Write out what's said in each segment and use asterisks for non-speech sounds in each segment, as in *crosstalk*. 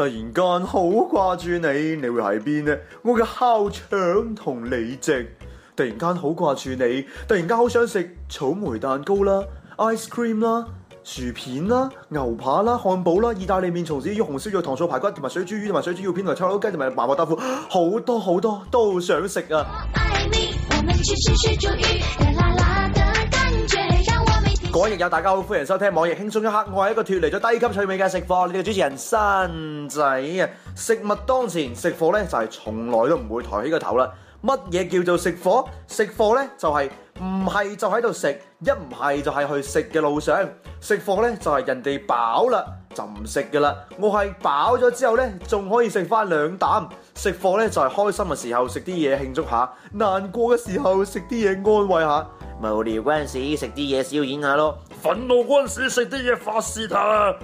突然間好掛住你，你會喺邊呢？我嘅烤腸同李直，突然間好掛住你，突然間好想食草莓蛋糕啦、ice cream 啦、薯片啦、牛扒啦、漢堡啦、意大利麵、松子魚、紅燒肉、糖醋排骨同埋水煮魚同埋水煮肉片同埋炒碌雞同埋麻婆豆腐，好多好多都想食啊！嗰日有大家好，歡迎收聽網易輕鬆一刻，我係一個脱離咗低級趣味嘅食貨，你哋主持人新仔啊！食物當前，食貨咧就係、是、從來都唔會抬起個頭啦。乜嘢叫做食貨？食貨咧就係唔係就喺度食，一唔係就係去食嘅路上，食貨咧就係、是、人哋飽啦。就唔食噶啦，我係飽咗之後呢，仲可以食返兩啖。食貨呢，就係、是、開心嘅時候食啲嘢慶祝下，難過嘅時候食啲嘢安慰下，無聊嗰陣時食啲嘢消遣下咯，憤怒嗰陣時食啲嘢發洩下。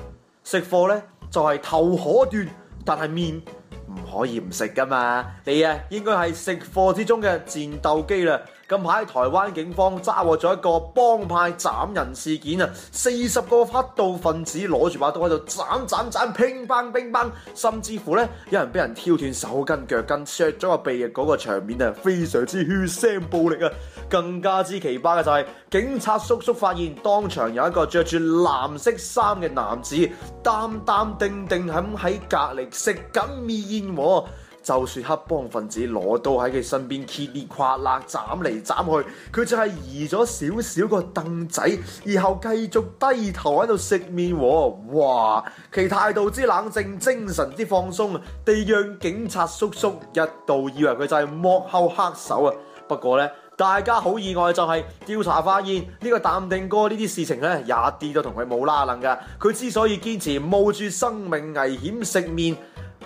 食貨呢，就係、是、頭可斷，但係麵唔可以唔食噶嘛。你啊應該係食貨之中嘅戰鬥機啦。近排台灣警方揸獲咗一個幫派斬人事件啊！四十個黑道分子攞住把刀喺度斬斬斬，乒乓乒乓，乓，乓，甚至乎呢有人俾人挑斷手筋腳筋，削咗個鼻，嗰個場面啊，非常之血腥暴力啊！更加之奇葩嘅就係、是，警察叔叔發現當場有一個着住藍色衫嘅男子，淡，淡定定定咁喺隔離食緊麵喎。就算黑幫分子攞刀喺佢身邊揭裂跨肋，斬嚟斬去，佢就係移咗少少個凳仔，然後繼續低頭喺度食麵喎。哇，其態度之冷靜、精神之放鬆，地讓警察叔叔一度以為佢就係幕後黑手啊。不過呢，大家好意外就係、是、調查發現呢、呢個淡定哥呢啲事情呢，也啲都同佢冇拉能噶。佢之所以堅持冒住生命危險食麵。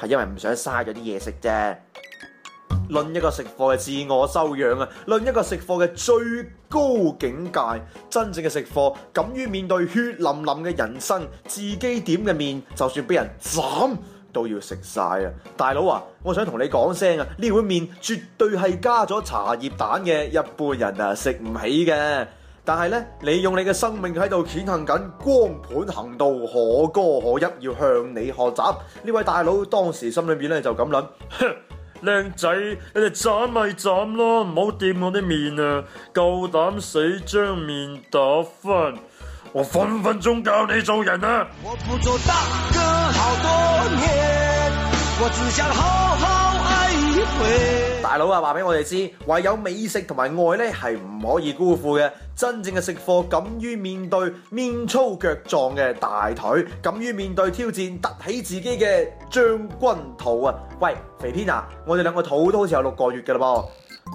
係因為唔想嘥咗啲嘢食啫。論一個食貨嘅自我修養啊，論一個食貨嘅最高境界，真正嘅食貨敢於面對血淋淋嘅人生，自己點嘅麵就算俾人斬都要食晒啊！大佬啊，我想同你講聲啊，呢碗麵絕對係加咗茶葉蛋嘅，一般人啊食唔起嘅。但係咧，你用你嘅生命喺度踐行緊光盤行動，可歌可泣，要向你學習。呢位大佬當時心裏面咧就咁諗，哼，靚仔，你哋斬咪斬咯，唔好掂我啲麵啊！夠膽死，將麵打翻，我分分鐘教你做人啊！我我不做大哥好多年，我只想好好。只想老啊，話俾我哋知，唯有美食同埋愛呢係唔可以辜負嘅。真正嘅食貨，敢於面對面粗腳壯嘅大腿，敢於面對挑戰凸起自己嘅將軍肚啊！喂，肥添啊，我哋兩個肚都好似有六個月噶啦噃。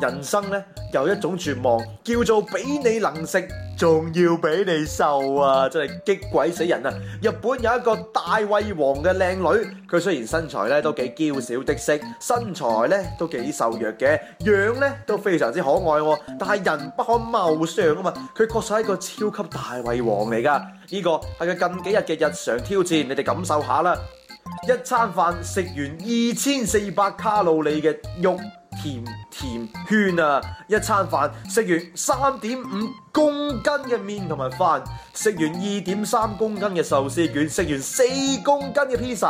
人生呢，有一種絕望，叫做俾你能食。仲要比你瘦啊！真係激鬼死人啊！日本有一個大胃王嘅靚女，佢雖然身材咧都幾嬌小的色，身材咧都幾瘦弱嘅，樣咧都非常之可愛，啊。但係人不可貌相啊嘛，佢確實係一個超級大胃王嚟噶。呢個係佢近幾日嘅日常挑戰，你哋感受下啦。一餐飯食完二千四百卡路里嘅肉、甜甜圈啊！一餐飯食完三點五公斤嘅麵同埋飯，食完二點三公斤嘅壽司卷，食完四公斤嘅披薩。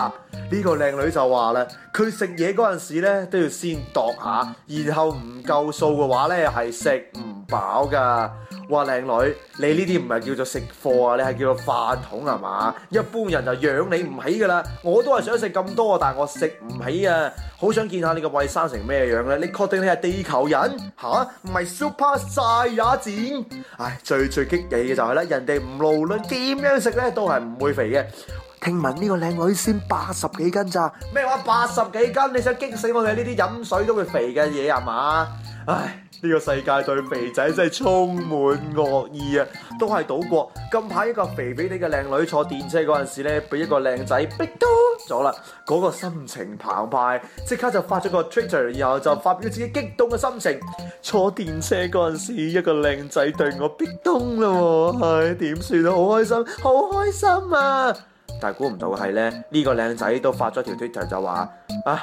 呢個靚女就話啦，佢食嘢陣時咧都要先度下，然後唔夠數嘅話咧係食唔飽噶。哇，靚女，你呢啲唔係叫做食貨啊，你係叫做飯桶啊嘛？一般人就養你唔起噶啦。我都係想食咁多，但係我食唔起啊！好想見下你個胃生成咩樣咧～你確定你係地球人吓？唔係 Super Saiyan。唉，最最激嘅就係、是、咧，人哋唔無論點樣食咧，都係唔會肥嘅。聽聞呢個靚女先八十幾斤咋？咩話八十幾斤？你想激死我哋呢啲飲水都會肥嘅嘢係嘛？唉，呢、這個世界對肥仔真係充滿惡意啊！都係島國，近排一個肥肥哋嘅靚女坐電車嗰陣時咧，俾一個靚仔壁咚咗啦。嗰、那個心情澎湃，即刻就發咗個 Twitter，然後就發表自己激動嘅心情。坐電車嗰陣時，一個靚仔對我壁咚啦，唉，點算啊？好開心，好開心啊！但係估唔到係呢，呢、這個靚仔都發咗條 Twitter 就話啊。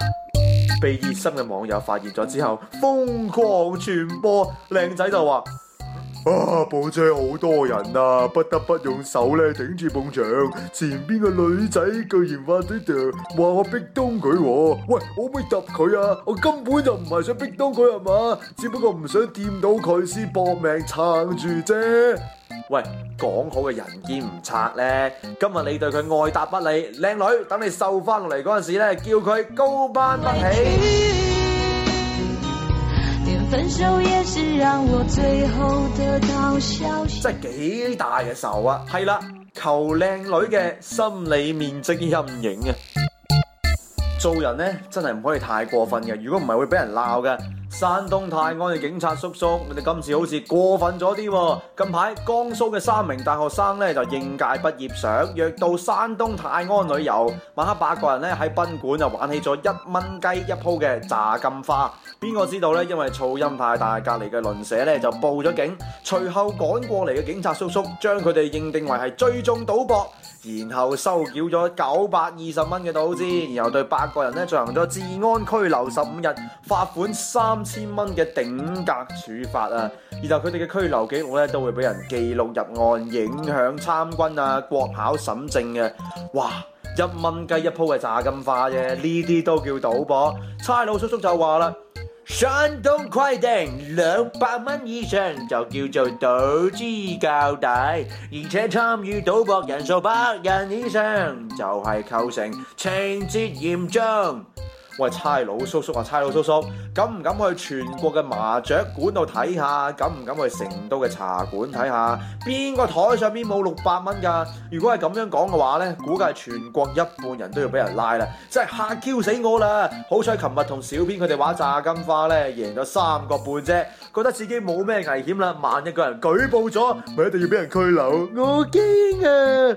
被熱心嘅網友發現咗之後，瘋狂傳播，靚仔就話。啊！部車好多人啊，不得不用手咧頂住埲牆。前邊個女仔居然話啲嘢，話我逼東佢。喂，我可唔可以揼佢啊？我根本就唔係想逼東佢啊嘛，只不過唔想掂到佢先搏命撐住啫。喂，講好嘅人見唔拆咧，今日你對佢愛答不理，靚女，等你瘦翻落嚟嗰陣時咧，叫佢高攀不起。 *music* 分手也是讓我最後得到消息。真係幾大嘅仇啊！係啦，求靚女嘅心理面積陰影啊！做人呢，真係唔可以太過分嘅，如果唔係會俾人鬧㗎。山東泰安嘅警察叔叔，你哋今次好似過分咗啲喎！近排江蘇嘅三名大學生呢，就應屆畢業，相約到山東泰安旅遊，晚黑八個人呢，喺賓館就玩起咗一蚊雞一鋪嘅炸金花。邊個知道呢？因為噪音太大，隔籬嘅鄰舍呢，就報咗警，隨後趕過嚟嘅警察叔叔將佢哋認定為係聚眾賭博。然後收繳咗九百二十蚊嘅賭資，然後對八個人咧進行咗治安拘留十五日，罰款三千蚊嘅頂格處罰啊！然後佢哋嘅拘留記錄咧都會俾人記錄入案，影響參軍啊、國考、審證嘅啊。哇！一蚊雞一鋪嘅炸金花啫，呢啲都叫賭博。差佬叔叔叔就話啦。山東規定兩百蚊以上就叫做賭資較大，而且參與賭博人數百人以上就係、是、構成情節嚴重。喂，差佬叔叔啊！差佬叔叔，敢唔敢去全國嘅麻雀館度睇下？敢唔敢去成都嘅茶館睇下？邊個台上面冇六百蚊噶？如果係咁樣講嘅話呢，估計全國一半人都要俾人拉啦！真係嚇 Q 死我啦！好彩琴日同小編佢哋玩炸金花呢贏咗三個半啫，覺得自己冇咩危險啦。萬一個人舉報咗，咪一定要俾人拘留，我驚啊！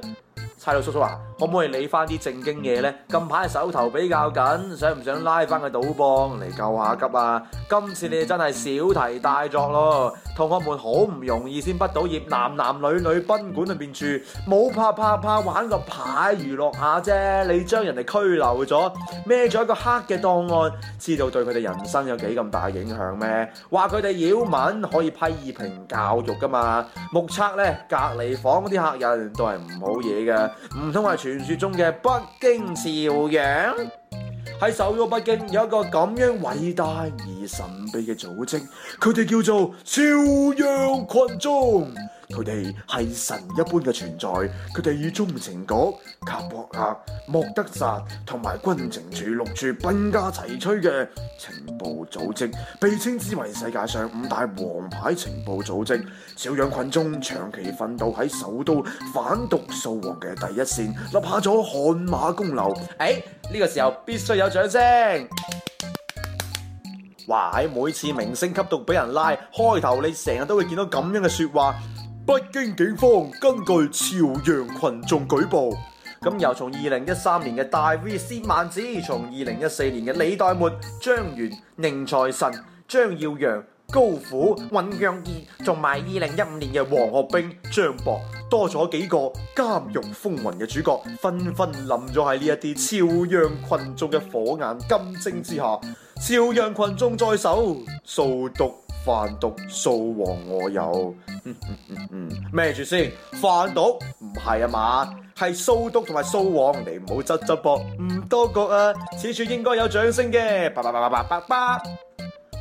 差佬叔叔啊！可唔可以理翻啲正經嘢呢？近排手頭比較緊，想唔想拉翻個賭幫嚟救下急啊？今次你哋真係小題大作咯！同學們好唔容易先畢到業，男男女女賓館裏邊住，冇拍拍拍玩個牌娛樂下啫。你將人哋拘留咗，孭咗一個黑嘅檔案，知道對佢哋人生有幾咁大影響咩？話佢哋擾民可以批評教育噶嘛？目測呢，隔離房嗰啲客人都係唔好嘢噶，唔通係？傳説中嘅北京朝陽，喺首都北京有一個咁樣偉大而神秘嘅組織，佢哋叫做朝陽群眾。佢哋係神一般嘅存在，佢哋以中情局、卡博亞、莫德薩同埋軍情處六處並駕齊驅嘅情報組織，被稱之為世界上五大王牌情報組織。朝陽群眾長期奮鬥喺首都反毒掃黃嘅第一線，立下咗汗馬功勞。誒、欸，呢、這個時候必須有掌聲！哇，喺每次明星吸毒俾人拉，開頭你成日都會見到咁樣嘅說話。北京警方根據朝陽群眾舉報，咁由從二零一三年嘅大 V 司萬子，從二零一四年嘅李代沫、張元、寧財神、張耀揚、高虎、尹陽義，同埋二零一五年嘅黃學兵、張博，多咗幾個監獄風雲嘅主角，紛紛冧咗喺呢一啲朝陽群眾嘅火眼金睛之下。朝陽群眾在手，掃毒。販毒掃黃我有，咩住先？販毒唔係啊嘛，係掃毒同埋掃黃，你唔好執執波，唔多覺啊！此處應該有掌聲嘅，叭叭叭叭叭叭。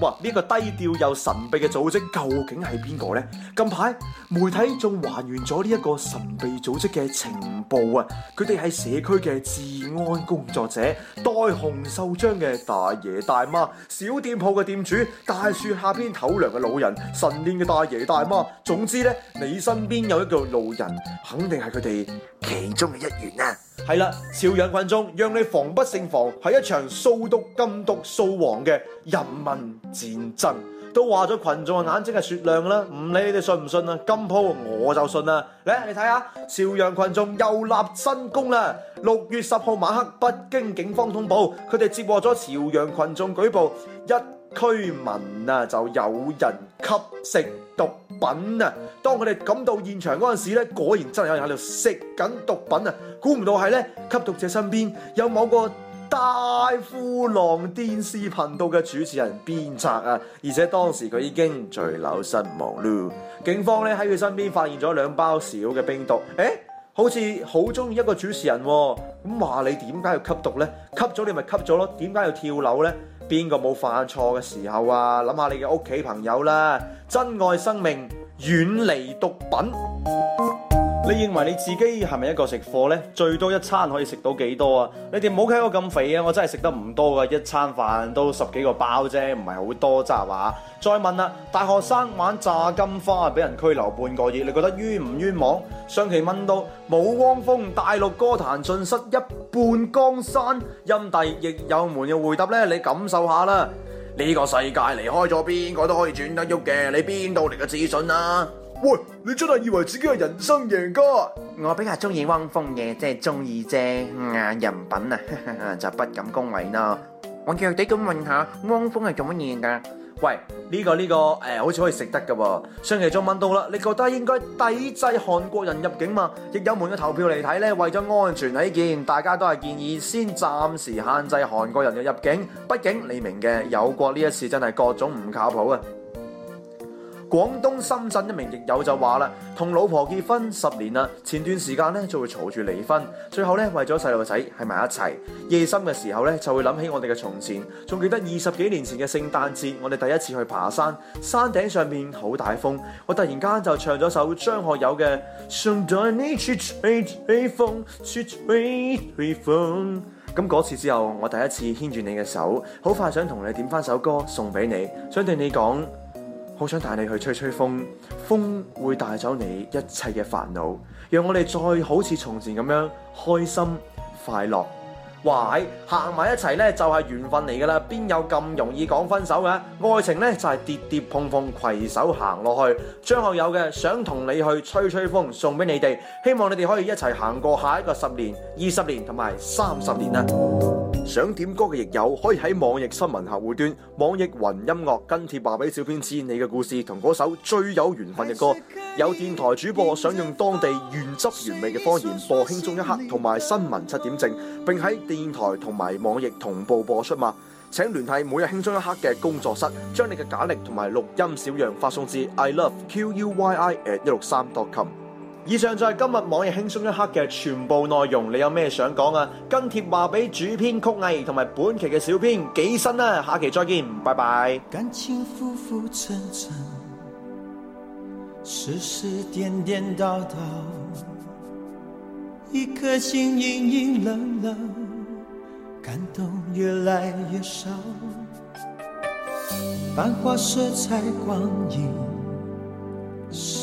哇！呢、這、一個低調又神秘嘅組織究竟係邊個呢？近排媒體仲還，還原咗呢一個神秘組織嘅情報啊！佢哋係社區嘅治安工作者，戴紅袖章嘅大爺大媽，小店鋪嘅店主，大樹下邊抖涼嘅老人，晨練嘅大爺大媽。總之呢，你身邊有一個路人，肯定係佢哋其中嘅一員啊。係啦，朝陽群眾讓你防不勝防，係一場掃毒禁毒掃黃嘅人民戰爭。都話咗群眾嘅眼睛係雪亮啦，唔理你哋信唔信啊，今鋪我就信啦。嚟，你睇下，朝陽群眾又立新功啦！六月十號晚黑，北京警方通報，佢哋接獲咗朝陽群眾舉報，一區民啊就有人吸食毒品啊！當佢哋趕到現場嗰陣時咧，果然真係有人喺度食緊毒品啊！估唔到係咧，吸毒者身邊有某個大富浪電視頻道嘅主持人編擇啊！而且當時佢已經墜樓身亡咯。警方咧，喺佢身邊發現咗兩包小嘅冰毒。誒、欸，好似好中意一個主持人咁、哦、話你點解要吸毒呢？吸咗你咪吸咗咯，點解要跳樓呢？邊個冇犯錯嘅時候啊？諗下你嘅屋企朋友啦，珍愛生命，遠離毒品。你認為你自己係咪一個食貨呢？最多一餐可以食到幾多啊？你哋唔好睇我咁肥啊！我真係食得唔多噶，一餐飯都十幾個包啫，唔係好多咋話。再問啦、啊，大學生玩炸金花俾人拘留半個月，你覺得冤唔冤枉？上期問到，冇汪峰，大陸歌壇盡失一半江山，音帝亦友們嘅回答呢？你感受下啦。呢、這個世界離開咗邊個都可以轉得喐嘅，你邊度嚟嘅自信啊？喂，你真係以為自己係人生贏家？我比較中意汪峰嘅，即係中意啫。啊、嗯，人品啊，呵呵就不敢恭維啦。我弱地咁問下，汪峰係做乜嘢噶？喂，呢、這個呢、這個誒、呃，好似可以食得噶噃。上期仲問到啦，你覺得應該抵制韓國人入境嘛？亦有門嘅投票嚟睇呢。為咗安全起見，大家都係建議先暫時限制韓國人嘅入境。畢竟你明嘅，有國呢一次真係各種唔靠譜啊！廣東深圳一名亦友就話啦，同老婆結婚十年啦，前段時間咧就會嘈住離婚，最後咧為咗細路仔喺埋一齊。夜深嘅時候咧就會諗起我哋嘅從前，仲記得二十幾年前嘅聖誕節，我哋第一次去爬山，山頂上面好大風，我突然間就唱咗首張學友嘅《送待你吹吹吹風，吹吹吹風》。咁嗰次之後，我第一次牽住你嘅手，好快想同你點翻首歌送俾你，想對你講。好想帶你去吹吹風，風會帶走你一切嘅煩惱，讓我哋再好似從前咁樣開心快樂。喂，行埋一齊咧就係緣分嚟噶啦，邊有咁容易講分手噶？愛情咧就係跌跌碰碰攜手行落去。張學友嘅《想同你去吹吹風》，送俾你哋，希望你哋可以一齊行過下一個十年、二十年同埋三十年啊！想點歌嘅易友，可以喺網易新聞客戶端、網易雲音樂跟帖話俾小編知你嘅故事同嗰首最有緣分嘅歌。有電台主播想用當地原汁原味嘅方言播《輕鬆一刻》同埋《新聞七點正》，並喺電台同埋網易同步播出嘛？請聯繫每日輕鬆一刻嘅工作室，將你嘅簡歷同埋錄音小樣發送至 i love q u y i at 163 dot com。以上就係今日網易輕鬆一刻嘅全部內容，你有咩想講啊？跟帖話俾主編曲藝同埋本期嘅小編幾新啦，啊，下期再見，拜拜。感感情浮浮沉沉，世事顛顛倒倒，一顆心隱隱約約，感動越來越少，繁華色彩光影